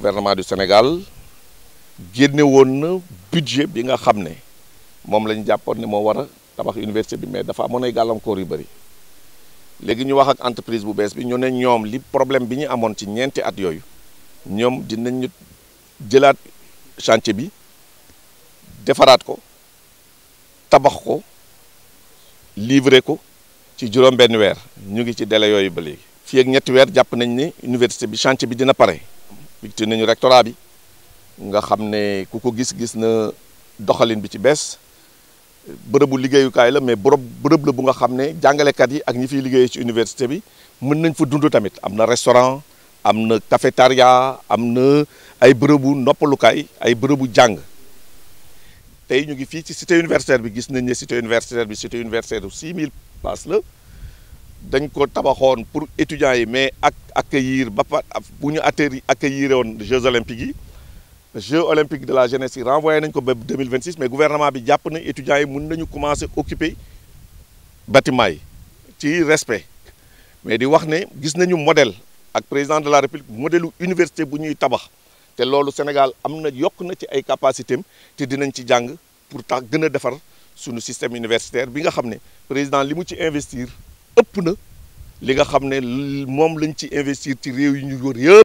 gouvernement du Sénégal génne woon na budget bi nga xam ne moom la jàppoon ne moo war a tabax université bi mais dafa amoon ay gàllankoor yu bëri léegi ñu wax ak entreprise bu bees bi ñu ne ñoom li problème bi ñu amoon ci ñeenti at yooyu ñoom dinañu jëlaat chantier bi defaraat ko tabax ko livrer ko ci juróom benn weer ñu ngi ci dele yooyu ba léegi fii ak ñetti weer jàpp nañ ne université bi chantier bi dina pare victime nañu rectorat bi nga xam ne ku ko gis gis na doxalin bi ci bees bërëbu liggéeyukaay la mais bërëb bërëb la bu nga xam ne jàngalekat yi ak ñi fiy liggéey ci université bi mën nañ fa dund tamit am na restaurant am na cafétéria am na ay bërëbu noppalukaay ay bërëbu jàng tey ñu ngi fii ci cité universitaire bi gis nañ ne cité universitaire bi cité universitaire bu 6000 places la dañ ko tabaxoon pour étudiants yi mais ak accueillir ba pa bu ñu atterri accueillir woon Jeux olympiques yi Jeux olympiques de la jeunesse yi renvoyé nañ ko ba 2026 mais gouvernement bi jàpp na étudiants yi mun nañu commencer occuper bâtiment yi ci respect mais di wax ne gis nañu modèle ak président de la république modèle université bu ñuy tabax te loolu Sénégal am na yokk na ci ay capacité te dinañ ci jàng pour tax gën a defar sunu système universitaire bi nga xam ne président li mu ci investir ëpp na li nga xam ne moom lañ ci investir ci réew yi ñu wër yëpp